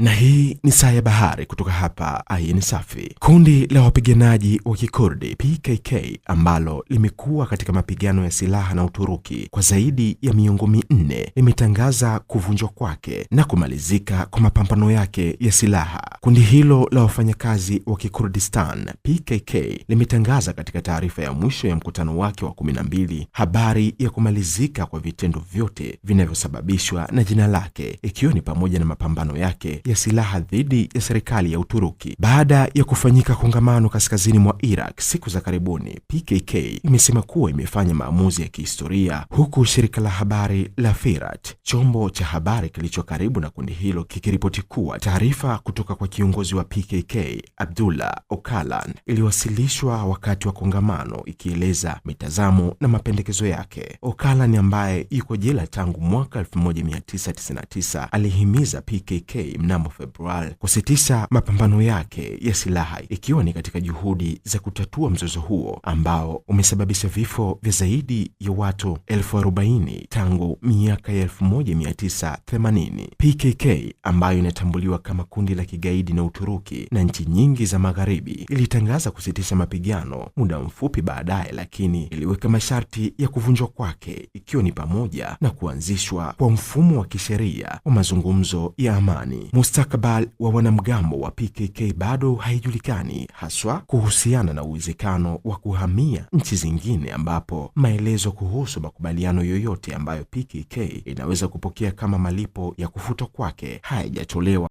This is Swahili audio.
Na hii ni Saa ya Bahari kutoka hapa Ayin Safi. Kundi la wapiganaji wa Kikurdi PKK ambalo limekuwa katika mapigano ya silaha na Uturuki kwa zaidi ya miongo minne limetangaza kuvunjwa kwake na kumalizika kwa mapambano yake ya silaha. Kundi hilo la wafanyakazi wa Kikurdistan PKK limetangaza katika taarifa ya mwisho ya mkutano wake wa 12 habari ya kumalizika kwa vitendo vyote vinavyosababishwa na jina lake ikiwa ni pamoja na mapambano yake ya silaha dhidi ya serikali ya Uturuki. Baada ya kufanyika kongamano kaskazini mwa Iraq siku za karibuni, PKK imesema kuwa imefanya maamuzi ya kihistoria, huku shirika la habari la Firat, chombo cha habari kilicho karibu na kundi hilo, kikiripoti kuwa taarifa kutoka kwa kiongozi wa PKK Abdullah Ocalan iliwasilishwa wakati wa kongamano ikieleza mitazamo na mapendekezo yake. Ocalan ambaye yuko jela tangu mwaka 1999 alihimiza PKK mna mnamo Februari kusitisha mapambano yake ya silaha ikiwa ni katika juhudi za kutatua mzozo huo ambao umesababisha vifo vya zaidi ya watu elfu arobaini tangu miaka ya 1980. PKK ambayo inatambuliwa kama kundi la kigaidi na Uturuki na nchi nyingi za Magharibi ilitangaza kusitisha mapigano muda mfupi baadaye, lakini iliweka masharti ya kuvunjwa kwake ikiwa ni pamoja na kuanzishwa kwa mfumo wa kisheria wa mazungumzo ya amani. Mustakabali wa wanamgambo wa PKK bado haijulikani, haswa kuhusiana na uwezekano wa kuhamia nchi zingine, ambapo maelezo kuhusu makubaliano yoyote ambayo PKK inaweza kupokea kama malipo ya kufutwa kwake hayajatolewa.